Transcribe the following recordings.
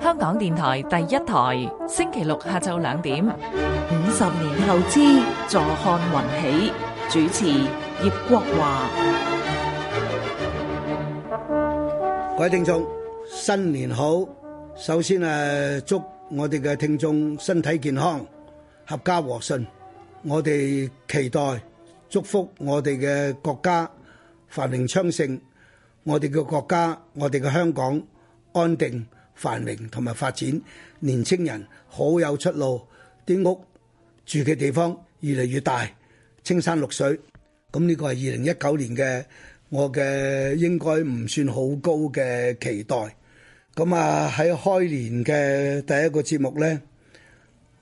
香港電台第一台，星期六下晝兩點。五十年投資，坐看雲起。主持葉國華。各位聽眾，新年好！首先誒，祝我哋嘅聽眾身體健康，合家和順。我哋期待祝福我哋嘅國家繁榮昌盛。我哋嘅國家，我哋嘅香港安定繁榮同埋發展，年青人好有出路，啲屋住嘅地方越嚟越大，青山綠水，咁呢個係二零一九年嘅我嘅應該唔算好高嘅期待。咁啊喺開年嘅第一個節目呢，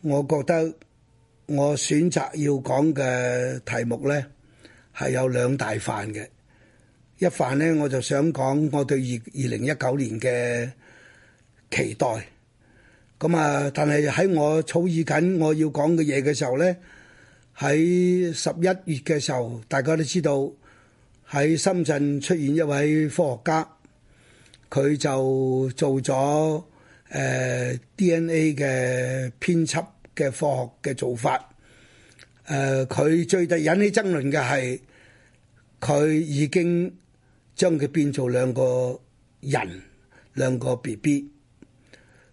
我覺得我選擇要講嘅題目呢係有兩大範嘅。一凡呢，我就想講我對二二零一九年嘅期待。咁啊，但係喺我草擬緊我要講嘅嘢嘅時候呢，喺十一月嘅時候，大家都知道喺深圳出現一位科學家，佢就做咗誒、呃、DNA 嘅編輯嘅科學嘅做法。誒、呃，佢最就引起爭論嘅係佢已經。將佢變做兩個人，兩個 B B，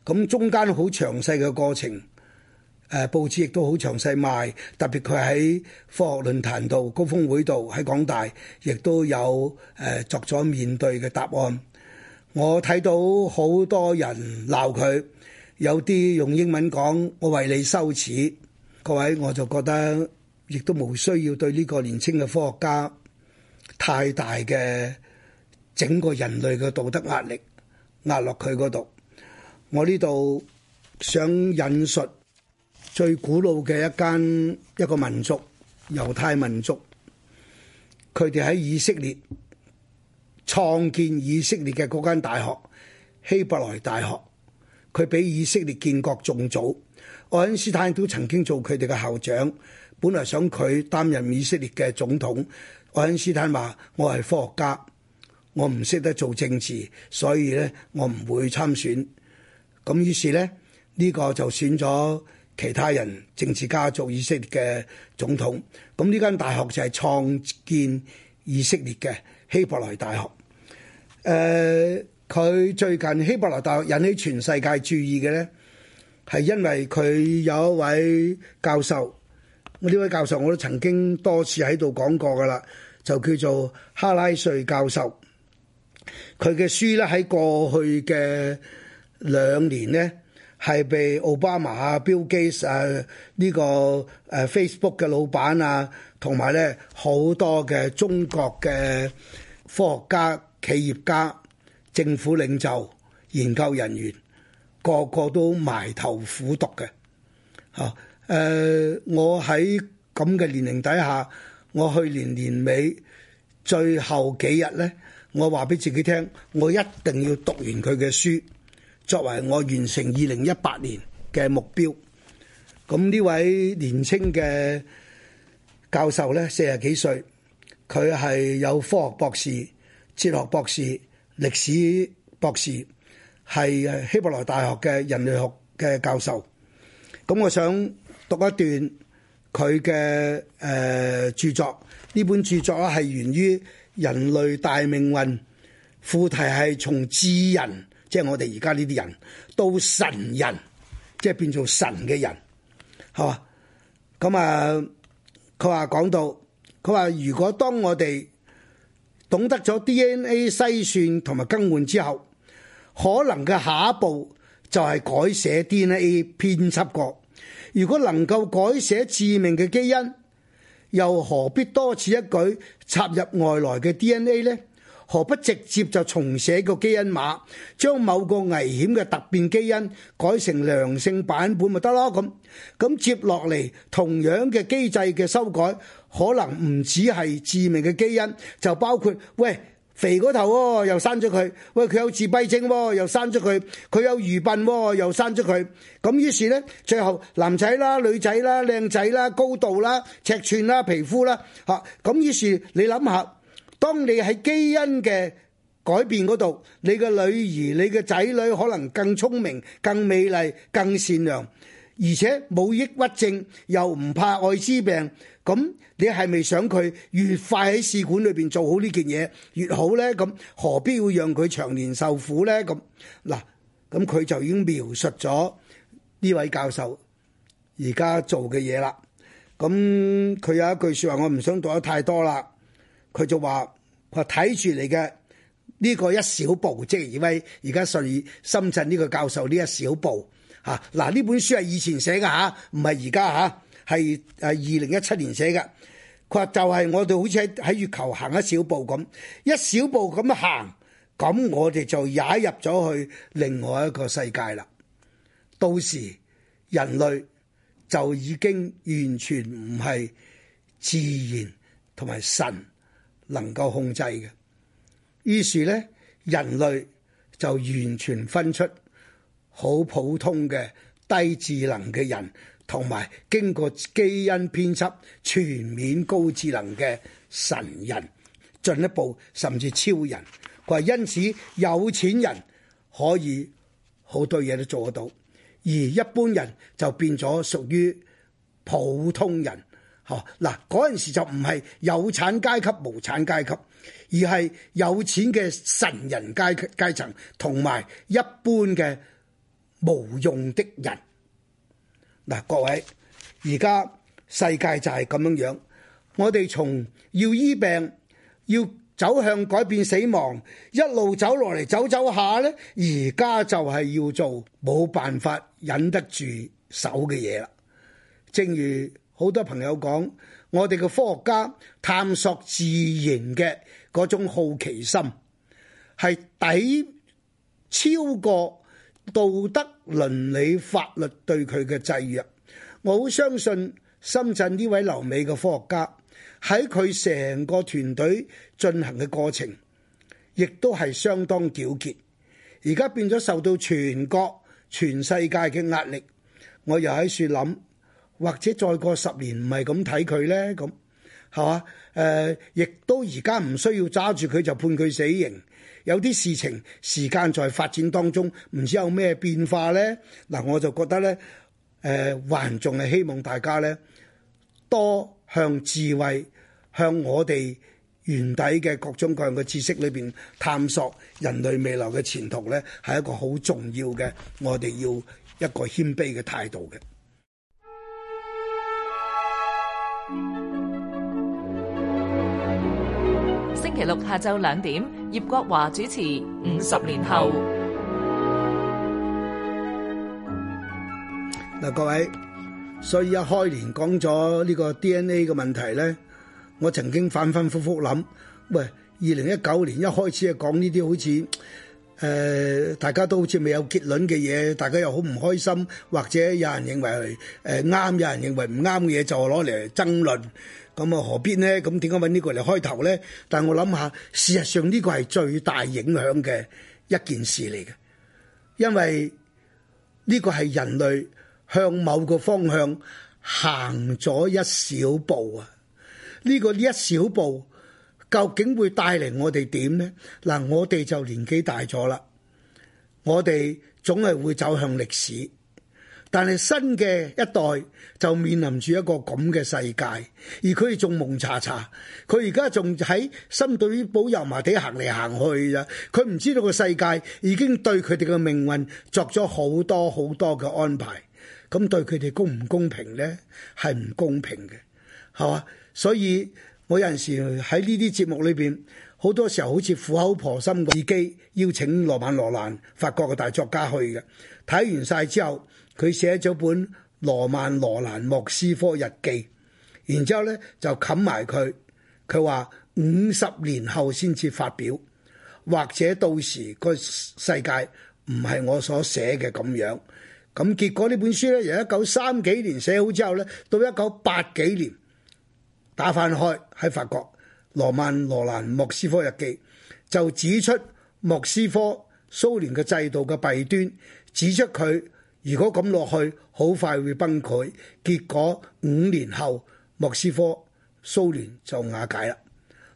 咁中間好詳細嘅過程，誒報紙亦都好詳細賣。特別佢喺科學論壇度、高峰會度、喺港大亦都有誒、呃、作咗面對嘅答案。我睇到好多人鬧佢，有啲用英文講我為你羞恥。各位我就覺得亦都冇需要對呢個年輕嘅科學家太大嘅。整個人類嘅道德壓力壓落佢嗰度。我呢度想引述最古老嘅一間一個民族，猶太民族，佢哋喺以色列創建以色列嘅嗰間大學希伯來大學，佢比以色列建國仲早。愛因斯坦都曾經做佢哋嘅校長，本來想佢擔任以色列嘅總統。愛因斯坦話：我係科學家。我唔識得做政治，所以咧我唔會參選。咁於是咧呢、呢個就選咗其他人政治家族以色列嘅總統。咁呢間大學就係創建以色列嘅希伯來大學。誒、呃，佢最近希伯來大學引起全世界注意嘅呢，係因為佢有一位教授。呢位教授我都曾經多次喺度講過噶啦，就叫做哈拉瑞教授。佢嘅書咧，喺過去嘅兩年咧，係被奧巴馬啊、Bill Gates 啊呢、呢個誒 Facebook 嘅老闆啊，同埋咧好多嘅中國嘅科學家、企業家、政府領袖、研究人員，個個都埋頭苦讀嘅。嚇誒、呃，我喺咁嘅年齡底下，我去年年尾最後幾日咧。我話俾自己聽，我一定要讀完佢嘅書，作為我完成二零一八年嘅目標。咁呢位年輕嘅教授呢，四十幾歲，佢係有科學博士、哲學博士、歷史博士，係希伯來大學嘅人類學嘅教授。咁我想讀一段佢嘅誒著作，呢本著作咧係源於。人類大命運，副題係從智人，即係我哋而家呢啲人，到神人，即係變做神嘅人，係嘛？咁啊，佢話講到，佢話如果當我哋懂得咗 DNA 西算同埋更換之後，可能嘅下一步就係改寫 DNA 編輯過。如果能夠改寫致命嘅基因，又何必多此一舉，插入外來嘅 DNA 呢？何不直接就重寫個基因碼，將某個危險嘅突變基因改成良性版本咪得咯？咁咁接落嚟，同樣嘅機制、嘅修改，可能唔止係致命嘅基因，就包括喂。肥嗰頭喎，又生咗佢。喂，佢有自閉症喎，又生咗佢。佢有愚笨喎，又生咗佢。咁於是呢，最後男仔啦、女仔啦、靚仔啦、高度啦、尺寸啦、皮膚啦，嚇、啊。咁於是你諗下，當你喺基因嘅改變嗰度，你嘅女兒、你嘅仔女可能更聰明、更美麗、更善良。而且冇抑鬱症，又唔怕愛滋病，咁你係咪想佢越快喺試管裏邊做好呢件嘢越好咧？咁何必要讓佢長年受苦咧？咁嗱，咁佢就已經描述咗呢位教授而家做嘅嘢啦。咁佢有一句説話說，我唔想讀得太多啦。佢就話：話睇住你嘅呢個一小步，即係而家而家順深圳呢個教授呢一小步。嚇！嗱、啊，呢本書係以前寫嘅吓，唔係而家吓，係誒二零一七年寫嘅。佢話就係我哋好似喺喺月球行一小步咁，一小步咁行，咁我哋就也入咗去另外一個世界啦。到時人類就已經完全唔係自然同埋神能夠控制嘅，於是咧人類就完全分出。好普通嘅低智能嘅人，同埋經過基因編輯全面高智能嘅神人，進一步甚至超人。佢話因此有錢人可以好多嘢都做得到，而一般人就變咗屬於普通人。嚇嗱，嗰陣時就唔係有產階級、無產階級，而係有錢嘅神人階級階層同埋一般嘅。無用的人嗱，各位，而家世界就係咁樣樣。我哋從要醫病，要走向改變死亡，一路走落嚟，走走下呢，而家就係要做冇辦法忍得住手嘅嘢啦。正如好多朋友講，我哋嘅科學家探索自然嘅嗰種好奇心，係抵超過。道德、倫理、法律對佢嘅制約，我好相信深圳呢位留美嘅科學家喺佢成個團隊進行嘅過程，亦都係相當糾結。而家變咗受到全國、全世界嘅壓力，我又喺度諗，或者再過十年唔係咁睇佢咧，咁係嘛？誒、呃，亦都而家唔需要揸住佢就判佢死刑。有啲事情時間在發展當中，唔知有咩變化咧？嗱，我就覺得咧，誒、呃，還仲係希望大家咧，多向智慧、向我哋原底嘅各種各樣嘅知識裏邊探索人類未來嘅前途咧，係一個好重要嘅，我哋要一個謙卑嘅態度嘅。星期六下晝兩點，葉國華主持《五十年後。》 嗱，各位，所以一開年講咗呢個 DNA 嘅問題咧，我曾經反反复覆諗，喂，二零一九年一開始係講呢啲好似。誒、呃，大家都好似未有結論嘅嘢，大家又好唔開心，或者有人認為係啱，有人認為唔啱嘅嘢就攞嚟爭論，咁、嗯、啊何必呢？咁點解搵呢個嚟開頭呢？但係我諗下，事實上呢個係最大影響嘅一件事嚟嘅，因為呢個係人類向某個方向行咗一小步啊！呢個呢一小步。這個究竟會帶嚟我哋點呢？嗱，我哋就年紀大咗啦，我哋總係會走向歷史，但係新嘅一代就面臨住一個咁嘅世界，而佢哋仲懵查查，佢而家仲喺深水埗油麻地行嚟行去呀，佢唔知道個世界已經對佢哋嘅命運作咗好多好多嘅安排，咁對佢哋公唔公平呢？係唔公平嘅，係嘛，所以。我有陣時喺呢啲節目裏邊，好多時候好似苦口婆心，自己邀請羅曼·羅蘭，法國嘅大作家去嘅。睇完晒之後，佢寫咗本《羅曼·羅蘭莫斯科日記》，然之後呢就冚埋佢。佢話五十年後先至發表，或者到時個世界唔係我所寫嘅咁樣。咁結果呢本書呢，由一九三幾年寫好之後呢，到一九八幾年。打翻開喺法國羅曼·羅蘭《莫斯科日記》，就指出莫斯科蘇聯嘅制度嘅弊端，指出佢如果咁落去，好快會崩潰。結果五年後，莫斯科蘇聯就瓦解啦。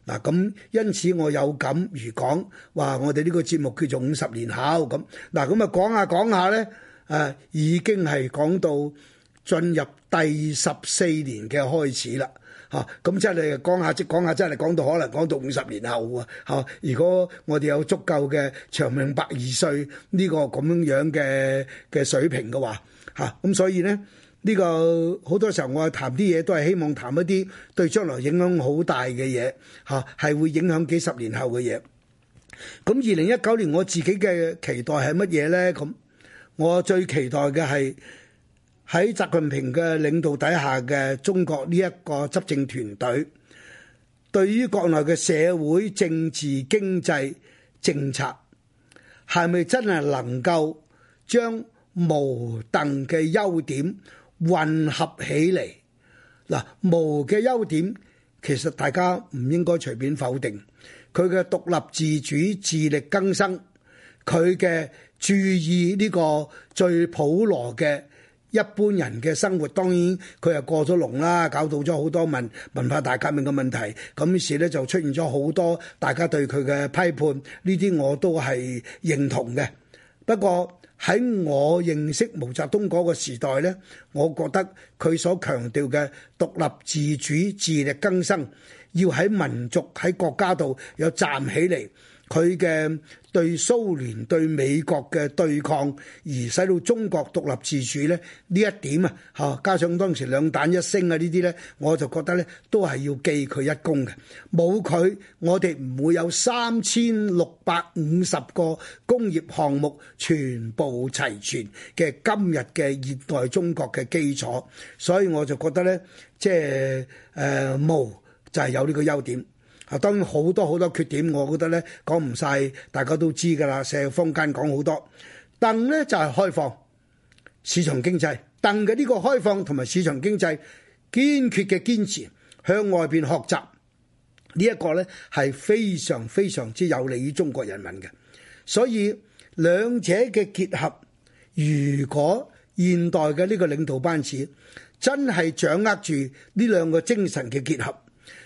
嗱咁，因此我有感而講話，我哋呢個節目叫做五十年後咁嗱。咁啊，講下講下呢，誒已經係講到進入第十四年嘅開始啦。嚇！咁、啊嗯、真係講下，即講下真係講到可能講到五十年後喎、啊、嚇、啊！如果我哋有足夠嘅長命百二歲呢、呢個咁樣樣嘅嘅水平嘅話，嚇、啊、咁、嗯、所以咧呢、呢個好多時候我談啲嘢都係希望談一啲對將來影響好大嘅嘢嚇，係、啊、會影響幾十年後嘅嘢。咁二零一九年我自己嘅期待係乜嘢咧？咁、啊、我最期待嘅係。喺習近平嘅領導底下嘅中國呢一個執政團隊，對於國內嘅社會、政治、經濟政策，係咪真係能夠將毛鄧嘅優點混合起嚟？嗱，毛嘅優點其實大家唔應該隨便否定。佢嘅獨立自主、自力更生，佢嘅注意呢個最普羅嘅。一般人嘅生活，當然佢係過咗龍啦，搞到咗好多文文化大革命嘅問題，咁於是呢就出現咗好多大家對佢嘅批判，呢啲我都係認同嘅。不過喺我認識毛澤東嗰個時代呢，我覺得佢所強調嘅獨立自主、自力更生，要喺民族喺國家度有站起嚟。佢嘅對蘇聯對美國嘅對抗，而使到中國獨立自主咧呢一點啊，嚇！加上當時兩彈一星啊呢啲呢，我就覺得呢都係要記佢一功嘅。冇佢，我哋唔會有三千六百五十個工業項目全部齊全嘅今日嘅現代中國嘅基礎。所以我就覺得呢，即係誒毛就係、是、有呢個優點。啊，當然好多好多缺點，我覺得呢講唔晒，大家都知㗎啦。社會坊間講好多，鄧呢就係、是、開放市場經濟，鄧嘅呢個開放同埋市場經濟堅決嘅堅持向外邊學習，呢、這、一個呢係非常非常之有利於中國人民嘅。所以兩者嘅結合，如果現代嘅呢個領導班子真係掌握住呢兩個精神嘅結合。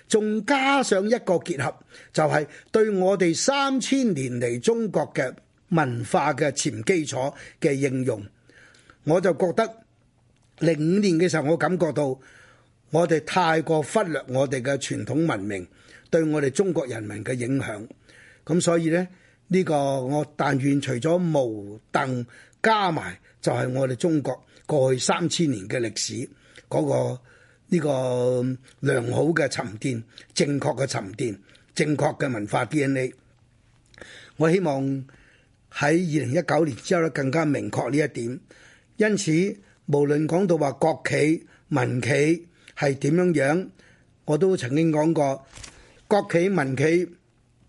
仲加上一個結合，就係、是、對我哋三千年嚟中國嘅文化嘅潛基礎嘅應用。我就覺得零五年嘅時候，我感覺到我哋太過忽略我哋嘅傳統文明對我哋中國人民嘅影響。咁所以呢，呢、這個我但願除咗毛鄧加埋，就係我哋中國過去三千年嘅歷史嗰、那個。呢個良好嘅沉澱，正確嘅沉澱，正確嘅文化 DNA。我希望喺二零一九年之後咧，更加明確呢一點。因此，無論講到話國企、民企係點樣樣，我都曾經講過國企、民企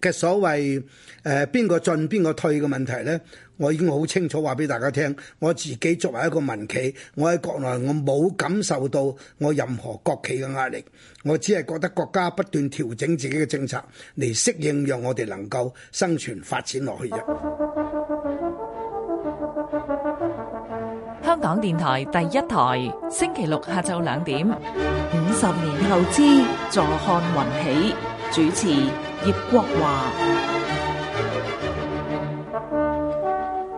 嘅所謂誒邊個進邊個退嘅問題咧。我已經好清楚話俾大家聽，我自己作為一個民企，我喺國內我冇感受到我任何國企嘅壓力，我只係覺得國家不斷調整自己嘅政策嚟適應，讓我哋能夠生存發展落去。香港電台第一台，星期六下晝兩點，五十年後之坐看雲起，主持葉國華。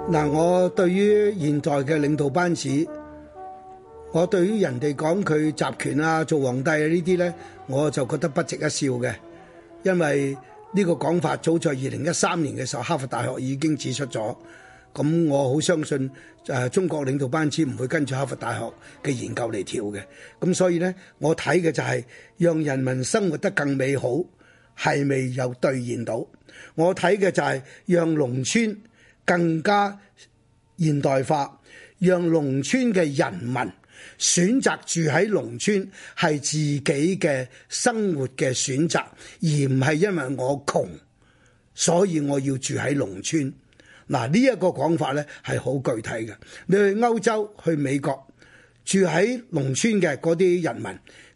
嗱、啊，我對於現在嘅領導班子，我對於人哋講佢集權啊、做皇帝啊呢啲呢，我就覺得不值一笑嘅。因為呢個講法早在二零一三年嘅時候，哈佛大學已經指出咗。咁我好相信誒、啊、中國領導班子唔會跟住哈佛大學嘅研究嚟跳嘅。咁所以呢，我睇嘅就係讓人民生活得更美好，係未有兌現到。我睇嘅就係讓農村。更加現代化，讓農村嘅人民選擇住喺農村係自己嘅生活嘅選擇，而唔係因為我窮，所以我要住喺農村。嗱，呢一個講法呢係好具體嘅。你去歐洲，去美國。住喺農村嘅嗰啲人民，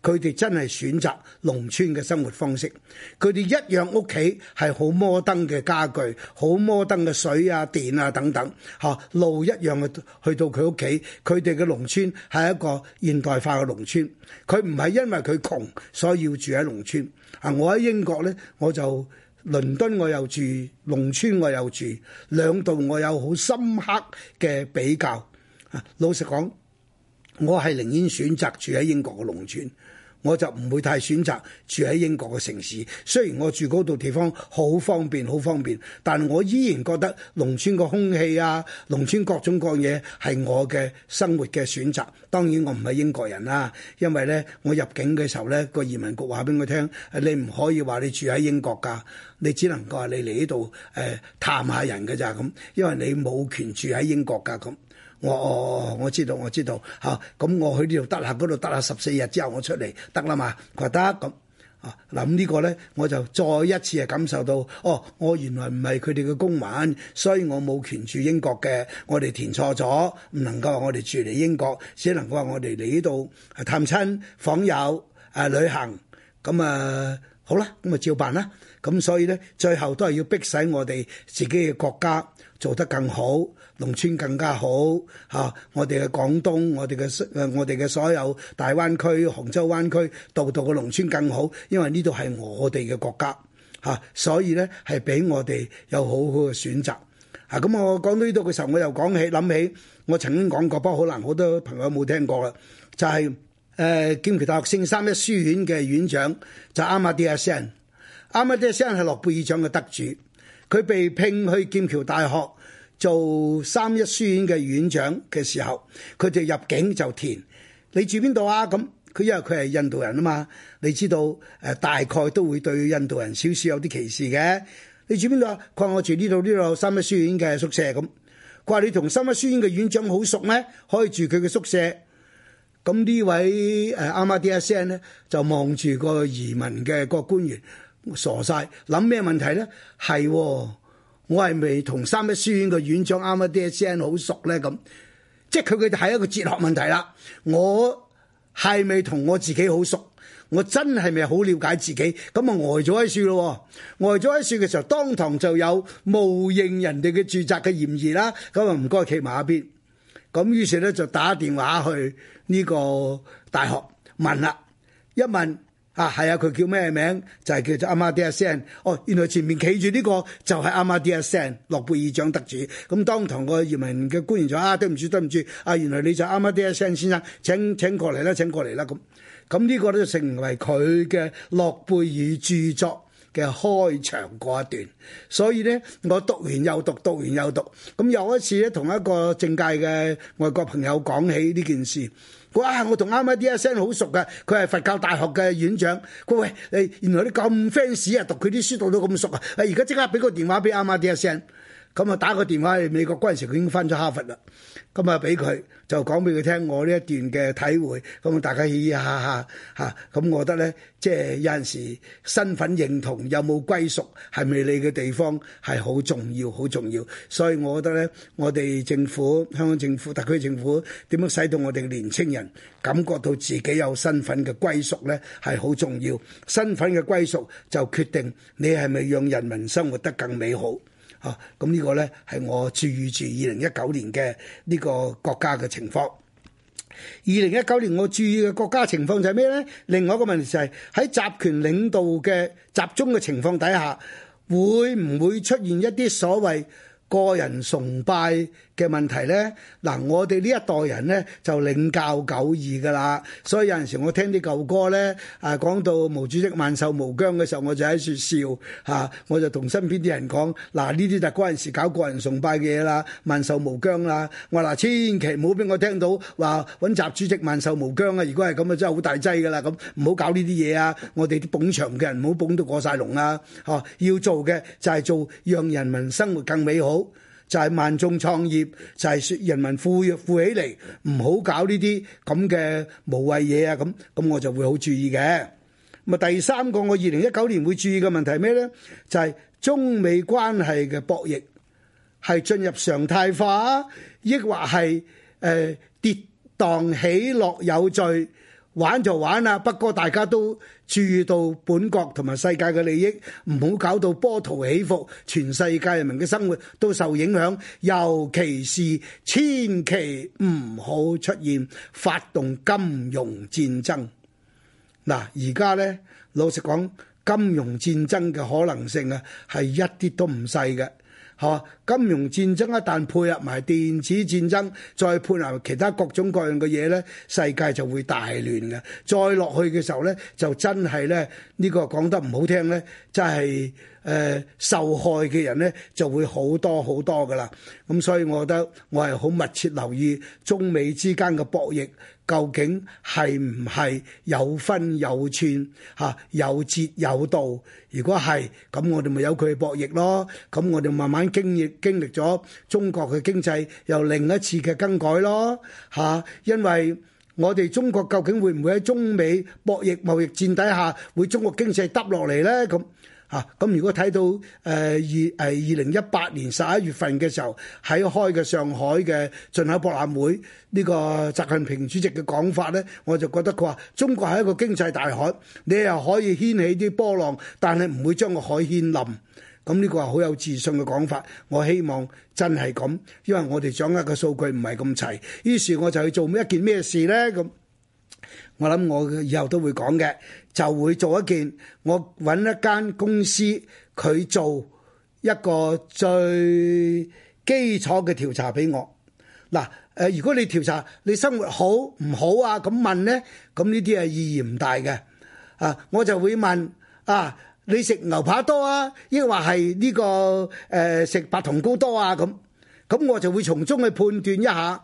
佢哋真係選擇農村嘅生活方式。佢哋一樣屋企係好摩登嘅家具，好摩登嘅水啊、電啊等等。嚇，路一樣去去到佢屋企，佢哋嘅農村係一個現代化嘅農村。佢唔係因為佢窮，所以要住喺農村。啊，我喺英國呢，我就倫敦我又住農村我又住兩度，我有好深刻嘅比較。啊，老實講。我係寧願選擇住喺英國嘅農村，我就唔會太選擇住喺英國嘅城市。雖然我住嗰度地方好方便，好方便，但我依然覺得農村嘅空氣啊，農村各種各樣嘢係我嘅生活嘅選擇。當然我唔係英國人啦，因為咧我入境嘅時候咧，個移民局話俾我聽，你唔可以話你住喺英國㗎，你只能夠話你嚟呢度誒探下人㗎咋咁，因為你冇權住喺英國㗎咁。我我、哦、我知道我知道嚇，咁、啊、我去呢度得啦，嗰度得啦，十四日之後我出嚟得啦嘛？佢話得咁，嗱、啊、咁呢個咧，我就再一次係感受到，哦，我原來唔係佢哋嘅公民，所以我冇權住英國嘅，我哋填錯咗，唔能夠話我哋住嚟英國，只能夠話我哋嚟呢度探親訪友啊、呃、旅行，咁啊好啦，咁啊照辦啦，咁、啊、所以咧，最後都係要逼使我哋自己嘅國家，做得更好，農村更加好嚇、啊！我哋嘅廣東，我哋嘅誒，我哋嘅所有大灣區、杭州灣區，度度個農村更好，因為呢度係我哋嘅國家嚇、啊，所以咧係俾我哋有好好嘅選擇嚇。咁、啊嗯、我講到呢度嘅時候，我又講起諗起我曾經講過，不過可能好多朋友冇聽過啦，就係誒劍橋大學聖三一書院嘅院長就是、阿馬蒂亞森，阿馬蒂亞森係諾貝爾獎嘅得主。佢被聘去劍橋大學做三一書院嘅院長嘅時候，佢就入境就填你住邊度啊？咁佢因為佢係印度人啊嘛，你知道誒大概都會對印度人少少有啲歧視嘅。你住邊度啊？佢話我住呢度，呢度有三一書院嘅宿舍咁。佢話你同三一書院嘅院長好熟咩？可以住佢嘅宿舍。咁呢位誒阿馬蒂亞森咧就望住個移民嘅個官員。傻晒諗咩問題咧？係、哦、我係咪同三一書院個院長啱啱啲聲好熟咧？咁即係佢佢就係一個哲學問題啦。我係咪同我自己好熟？我真係咪好了解自己？咁啊呆咗喺樹咯，呆咗喺樹嘅時候，當堂就有冒認人哋嘅住宅嘅嫌疑啦。咁啊唔該企埋一邊咁，於是咧就打電話去呢個大學問啦，一問。啊，係啊，佢叫咩名？就係、是、叫做阿馬蒂亞森。哦，原來前面企住呢個就係阿馬蒂亞森諾貝爾獎得主。咁、嗯、當堂個移民嘅官員就話啊，對唔住對唔住，啊原來你就阿馬蒂亞森先生，請請過嚟啦，請過嚟啦。咁咁呢個咧就成為佢嘅諾貝爾著作嘅開場嗰一段。所以咧，我讀完又讀，讀完又讀。咁有、嗯、一次咧，同一個政界嘅外國朋友講起呢件事。佢話、啊，我同阿媽 D S N 好熟噶，佢係佛教大學嘅院長，佢喂，誒原來你咁 fans 啊，讀佢啲書讀到咁熟啊！而家即刻俾個電話俾阿媽 D S N。咁啊，打個電話去美國嗰陣時，佢已經翻咗哈佛啦。咁啊，俾佢就講俾佢聽我呢一段嘅體會。咁大家嘻嘻哈哈吓，咁啊，我覺得咧，即係有陣時身份認同有冇歸屬係咪你嘅地方係好重要，好重要。所以我覺得咧，我哋政府、香港政府、特區政府點樣使到我哋年青人感覺到自己有身份嘅歸屬咧，係好重要。身份嘅歸屬就決定你係咪讓人民生活得更美好。啊！咁、嗯、呢、呢個呢，係我注意住二零一九年嘅呢個國家嘅情況。二零一九年我注意嘅國家情況就係咩呢？另外一個問題就係、是、喺集權領導嘅集中嘅情況底下，會唔會出現一啲所謂個人崇拜？嘅問題呢，嗱我哋呢一代人呢，就領教久矣噶啦，所以有陣時我聽啲舊歌呢，啊講到毛主席萬壽無疆嘅時候，我就喺處笑嚇、啊，我就同身邊啲人講，嗱呢啲就係嗰陣時搞個人崇拜嘅嘢啦，萬壽無疆啦，我話千祈唔好俾我聽到話揾習主席萬壽無疆啊！如果係咁啊，真係好大劑噶啦，咁唔好搞呢啲嘢啊！我哋啲捧場嘅人唔好捧到過晒龍啊！嚇、啊，要做嘅就係做讓人民生活更美好。就係萬眾創業，就係説人民富裕富起嚟，唔好搞呢啲咁嘅無謂嘢啊！咁咁我就會好注意嘅。咁啊第三個，我二零一九年會注意嘅問題係咩咧？就係中美關係嘅博弈係進入常態化，抑或係誒跌宕起落有序？玩就玩啦，不過大家都注意到本國同埋世界嘅利益，唔好搞到波濤起伏，全世界人民嘅生活都受影響，尤其是千祈唔好出現發動金融戰爭。嗱，而家呢，老實講，金融戰爭嘅可能性啊，係一啲都唔細嘅，係金融戰爭一旦配合埋電子戰爭，再配合其他各種各樣嘅嘢呢，世界就會大亂嘅。再落去嘅時候呢，就真係咧呢個講得唔好聽呢，真係誒、呃、受害嘅人呢，就會好多好多噶啦。咁所以，我覺得我係好密切留意中美之間嘅博弈，究竟係唔係有分有寸嚇、啊，有節有道。如果係，咁我哋咪有佢嘅博弈咯。咁我哋慢慢經營。經歷咗中國嘅經濟又另一次嘅更改咯嚇、啊，因為我哋中國究竟會唔會喺中美博弈貿易戰底下，會中國經濟耷落嚟呢？咁嚇，咁如果睇到誒二誒二零一八年十一月份嘅時候喺開嘅上海嘅進口博覽會呢、呢個習近平主席嘅講法呢，我就覺得佢話中國係一個經濟大海，你又可以掀起啲波浪，但係唔會將個海掀冧。咁呢個係好有自信嘅講法，我希望真係咁，因為我哋掌握嘅數據唔係咁齊，於是我就去做一件咩事呢？咁我諗我以後都會講嘅，就會做一件，我搵一間公司，佢做一個最基礎嘅調查俾我。嗱，誒，如果你調查你生活好唔好啊，咁問呢？咁呢啲係意義唔大嘅。啊，我就會問啊。你食牛扒多啊，抑或係呢個誒食、呃、白糖糕多啊咁，咁我就會從中去判斷一下，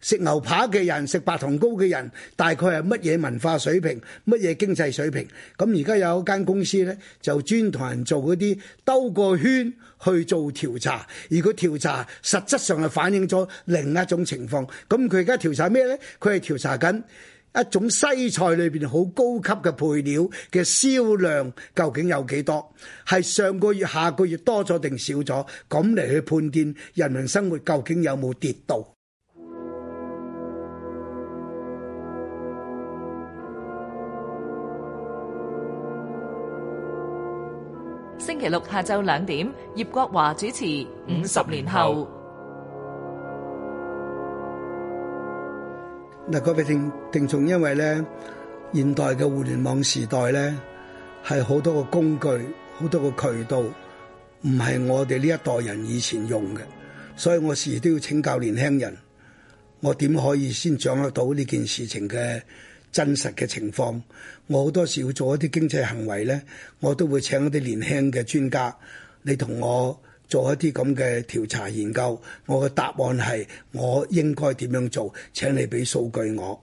食牛扒嘅人、食白糖糕嘅人大概係乜嘢文化水平，乜嘢經濟水平。咁而家有一間公司呢，就專同人做嗰啲兜個圈去做調查，而個調查實質上係反映咗另一種情況。咁佢而家調查咩呢？佢係調查緊。一種西菜裏邊好高級嘅配料嘅銷量究竟有幾多？係上個月、下個月多咗定少咗？咁嚟去判斷人民生活究竟有冇跌到。星期六下晝兩點，葉國華主持《五十年後》。嗱，嗰份定定重，因為咧現代嘅互聯網時代咧係好多個工具、好多個渠道，唔係我哋呢一代人以前用嘅，所以我時都要請教年輕人，我點可以先掌握到呢件事情嘅真實嘅情況，我好多時要做一啲經濟行為咧，我都會請一啲年輕嘅專家，你同我。做一啲咁嘅調查研究，我嘅答案係我應該點樣做？請你俾數據我。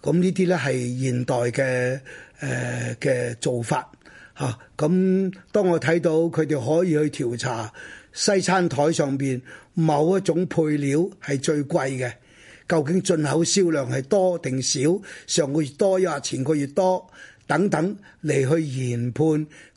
咁、嗯、呢啲呢係現代嘅誒嘅做法嚇。咁、啊嗯、當我睇到佢哋可以去調查西餐台上邊某一種配料係最貴嘅，究竟進口銷量係多定少？上個月多呀，前個月多等等，嚟去研判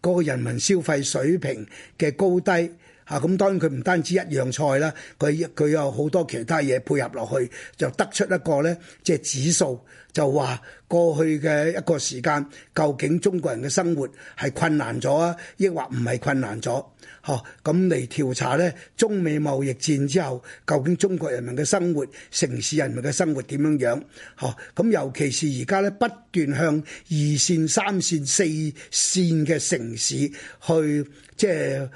嗰個人民消費水平嘅高低。啊，咁當然佢唔單止一樣菜啦，佢佢有好多其他嘢配合落去，就得出一個呢即係指數，就話過去嘅一個時間，究竟中國人嘅生活係困難咗啊，抑或唔係困難咗？呵，咁嚟調查呢，中美貿易戰之後，究竟中國人民嘅生活，城市人民嘅生活點樣樣？呵，咁尤其是而家呢，不斷向二線、三線、四線嘅城市去即係。就是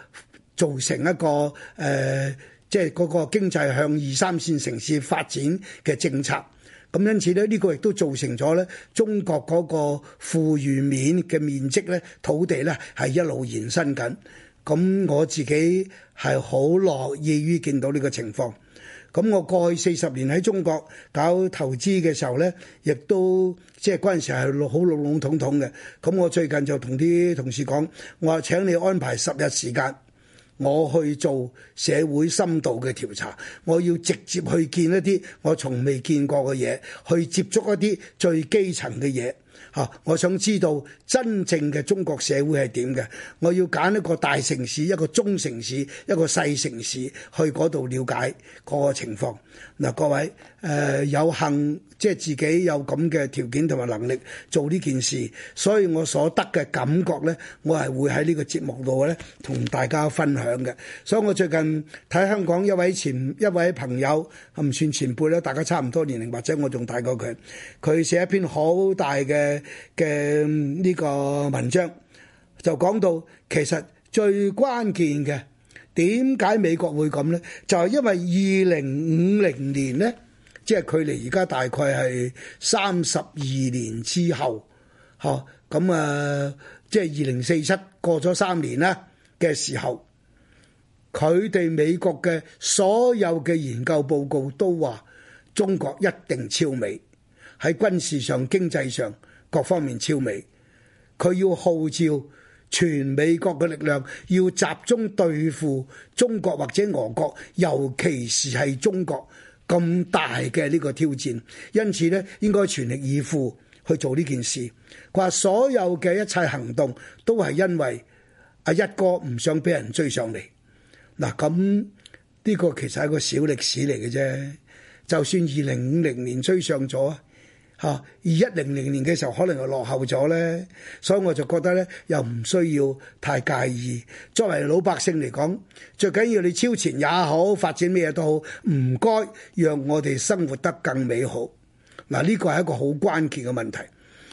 造成一個誒、呃，即係嗰個經濟向二三線城市發展嘅政策，咁因此咧，呢、這個亦都造成咗咧中國嗰個富裕面嘅面積咧，土地咧係一路延伸緊。咁、嗯、我自己係好樂意於見到呢個情況。咁、嗯、我過去四十年喺中國搞投資嘅時候咧，亦都即係嗰陣時係好籠籠統統嘅。咁、嗯、我最近就同啲同事講，我話請你安排十日時間。我去做社會深度嘅調查，我要直接去見一啲我從未見過嘅嘢，去接觸一啲最基層嘅嘢。我想知道真正嘅中國社會係點嘅，我要揀一個大城市，一個中城市，一個細城市，去嗰度了解嗰個情況。嗱、啊，各位，誒、呃，有幸即係、就是、自己有咁嘅條件同埋能力做呢件事，所以我所得嘅感覺咧，我係會喺呢個節目度咧同大家分享嘅。所以我最近睇香港一位前一位朋友，唔算前輩啦，大家差唔多年齡，或者我仲大過佢，佢寫一篇好大嘅。嘅嘅呢個文章就講到，其實最關鍵嘅，點解美國會咁呢？就係因為二零五零年呢，即係距離而家大概係三十二年之後，吓咁啊，即係二零四七過咗三年啦嘅時候，佢哋美國嘅所有嘅研究報告都話中國一定超美，喺軍事上、經濟上。各方面超美，佢要號召全美國嘅力量，要集中對付中國或者俄國，尤其是係中國咁大嘅呢個挑戰。因此咧，應該全力以赴去做呢件事。佢話所有嘅一切行動都係因為阿一哥唔想俾人追上嚟。嗱，咁呢個其實係一個小歷史嚟嘅啫。就算二零五零年追上咗。嚇，二一零零年嘅時候可能又落後咗呢，所以我就覺得呢，又唔需要太介意。作為老百姓嚟講，最緊要你超前也好，發展咩都好，唔該讓我哋生活得更美好。嗱、啊，呢、這個係一個好關鍵嘅問題。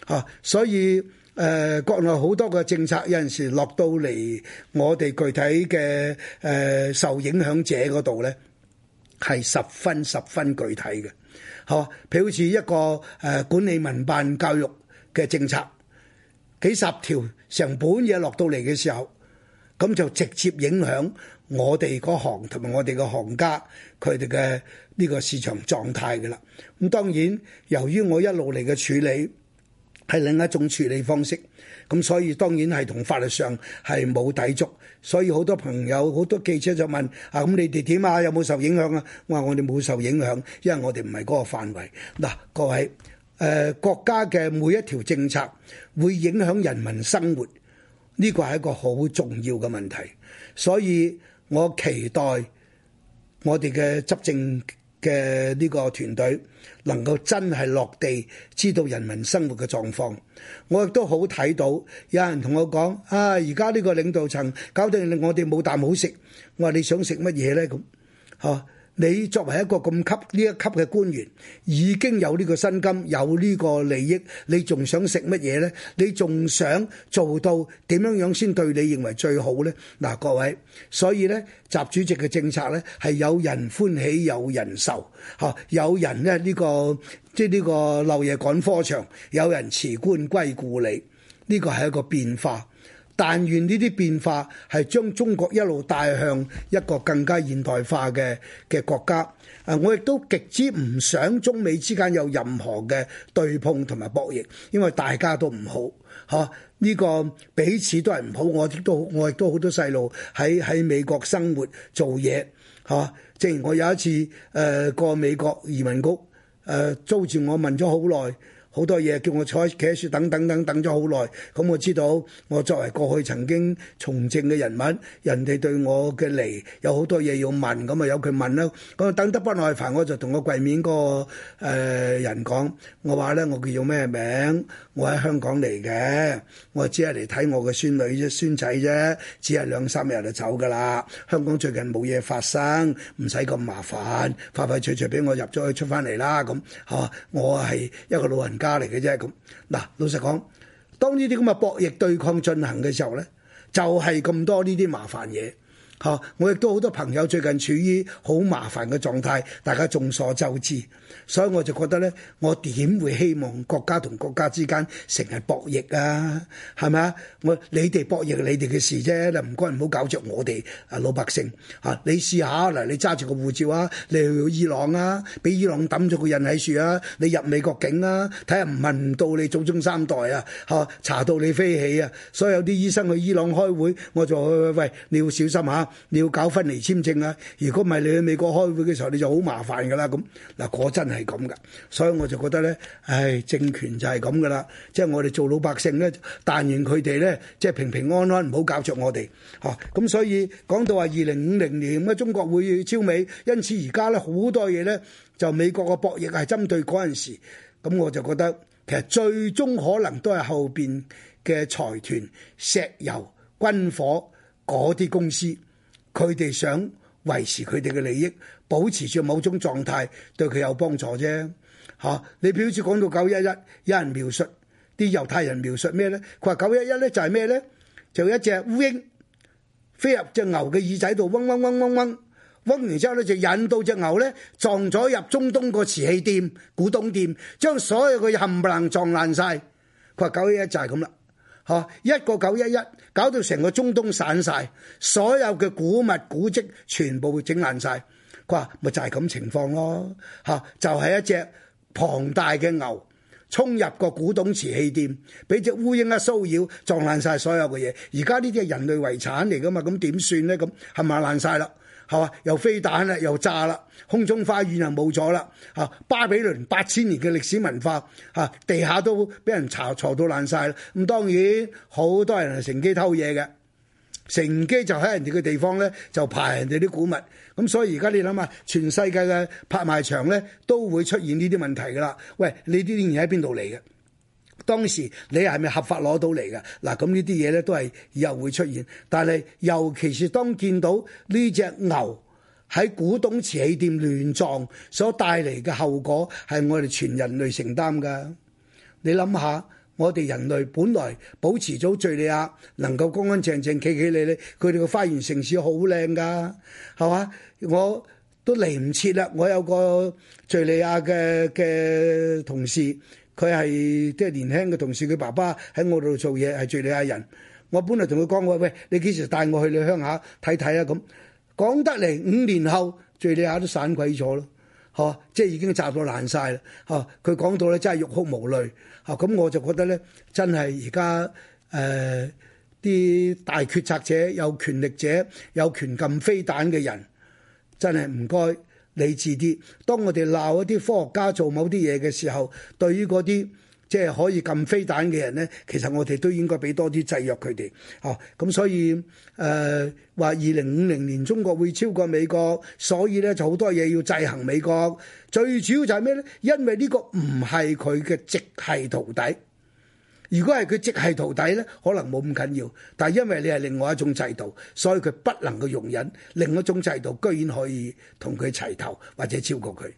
嚇、啊，所以誒、呃、國內好多嘅政策有陣時落到嚟我哋具體嘅誒、呃、受影響者嗰度呢，係十分十分具體嘅。係嘛？譬如似一個誒、呃、管理民辦教育嘅政策，幾十條成本嘢落到嚟嘅時候，咁就直接影響我哋嗰行同埋我哋嘅行家佢哋嘅呢個市場狀態㗎啦。咁當然，由於我一路嚟嘅處理係另一種處理方式。咁所以當然係同法律上係冇抵觸，所以好多朋友、好多記者就問：啊，咁你哋點啊？有冇受影響啊？我話我哋冇受影響，因為我哋唔係嗰個範圍。嗱，各位，誒，國家嘅每一條政策會影響人民生活，呢個係一個好重要嘅問題。所以我期待我哋嘅執政嘅呢個團隊。能夠真係落地，知道人民生活嘅狀況，我亦都好睇到有人同我講：啊，而家呢個領導層搞到我哋冇啖好食。我話你想食乜嘢呢？啊」。咁嚇。你作為一個咁級呢一級嘅官員，已經有呢個薪金，有呢個利益，你仲想食乜嘢呢？你仲想做到點樣樣先對你認為最好呢？嗱、啊，各位，所以呢，習主席嘅政策呢，係有人歡喜有人愁，嚇、啊，有人呢，呢、呢個即係呢個漏夜趕科場，有人辭官歸故里，呢、呢個係一個變化。但願呢啲變化係將中國一路帶向一個更加現代化嘅嘅國家。啊，我亦都極之唔想中美之間有任何嘅對碰同埋博弈，因為大家都唔好，嚇、啊、呢、呢個彼此都係唔好。我亦都我亦都好多細路喺喺美國生活做嘢，嚇、啊。正如我有一次誒、呃、過美國移民局誒、呃、租住，我問咗好耐。好多嘢叫我坐企喺雪等等等等，咗好耐，咁我知道我作為過去曾經從政嘅人物，人哋對我嘅嚟有好多嘢要問，咁咪有佢問咯，咁等得不耐煩我就同個櫃面個誒人講，我話咧，我叫做咩名，我喺香港嚟嘅，我只係嚟睇我嘅孫女啫、孫仔啫，只係兩三日就走噶啦。香港最近冇嘢發生，唔使咁麻煩，快快脆脆俾我入咗去出翻嚟啦。咁吓、啊，我係一個老人，家嚟嘅啫，咁嗱，老實講，當呢啲咁嘅博弈對抗進行嘅時候咧，就係咁多呢啲麻煩嘢。嚇！我亦都好多朋友最近處於好麻煩嘅狀態，大家眾所周知，所以我就覺得咧，我點會希望國家同國家之間成日博弈啊？係咪啊？我你哋博弈你哋嘅事啫，就唔該唔好搞着我哋啊老百姓嚇、啊！你試下嗱，你揸住個護照啊，去到伊朗啊，俾伊朗抌咗個印喺處啊，你入美國境啊，睇下唔問唔到你祖宗三代啊嚇、啊，查到你飛起啊！所以有啲醫生去伊朗開會，我就去：「喂，喂，喂你要小心嚇、啊。你要搞分離簽證啊！如果唔係你去美國開會嘅時候，你就好麻煩㗎啦。咁嗱，嗰真係咁㗎，所以我就覺得呢，唉，政權就係咁㗎啦。即係我哋做老百姓呢，但願佢哋呢，即係平平安安，唔好搞着我哋。嚇，咁所以講到話二零五零年咁中國會超美，因此而家呢，好多嘢呢，就美國嘅博弈係針對嗰陣時。咁我就覺得其實最終可能都係後邊嘅財團、石油、軍火嗰啲公司。佢哋想維持佢哋嘅利益，保持住某種狀態對佢有幫助啫。吓、啊、你表示講到九一一，有人描述啲猶太人描述咩咧？佢話九一一咧就係咩咧？就一隻烏蠅飛入隻牛嘅耳仔度，嗡嗡嗡嗡嗡嗡完之後咧就引到隻牛咧撞咗入中東個瓷器店，古董店，將所有嘅冚唪唥撞爛晒。佢話九一一就係咁啦。嚇，一個九一一搞到成個中東散晒，所有嘅古物古蹟全部整爛晒。佢咪就係咁情況咯，嚇，就係一隻龐大嘅牛衝入個古董瓷器店，俾隻烏蠅一騷擾，撞爛晒所有嘅嘢。而家呢啲係人類遺產嚟噶嘛？咁點算呢？咁係咪爛晒啦？係嘛？又飛彈啦，又炸啦，空中花園又冇咗啦。嚇、啊，巴比倫八千年嘅歷史文化，嚇、啊、地下都俾人查巢到爛晒啦。咁當然好多人係乘機偷嘢嘅，乘機就喺人哋嘅地方咧就排人哋啲古物。咁所以而家你諗下，全世界嘅拍賣場咧都會出現呢啲問題㗎啦。喂，你啲嘢喺邊度嚟嘅？當時你係咪合法攞到嚟㗎？嗱，咁呢啲嘢咧都係以後會出現，但係尤其是當見到呢隻牛喺古董瓷器店亂撞，所帶嚟嘅後果係我哋全人類承擔㗎。你諗下，我哋人類本來保持咗敍利亞，能夠乾乾淨淨，淨，淨，淨，淨，淨淨、企企理理，佢哋嘅花園城市好靚㗎，係嘛？我都嚟唔切啦，我有個敍利亞嘅嘅同事。佢係即係年輕嘅同事，佢爸爸喺我度做嘢，係敍利亞人。我本來同佢講過，喂，你幾時帶我去你鄉下睇睇啊？咁講得嚟五年後，敍利亞都散鬼咗咯，嚇！即係已經砸到爛晒啦，嚇！佢講到咧真係欲哭無淚，嚇！咁我就覺得咧，真係而家誒啲大決策者、有權力者、有權撳飛彈嘅人，真係唔該。理智啲，當我哋鬧一啲科學家做某啲嘢嘅時候，對於嗰啲即係可以撳飛彈嘅人呢，其實我哋都應該俾多啲制約佢哋。哦、啊，咁所以誒話二零五零年中國會超過美國，所以呢就好多嘢要制衡美國。最主要就係咩呢？因為呢個唔係佢嘅直系徒弟。如果係佢即係徒弟咧，可能冇咁緊要。但係因為你係另外一種制度，所以佢不能夠容忍另一種制度居然可以同佢齊頭，或者超過佢。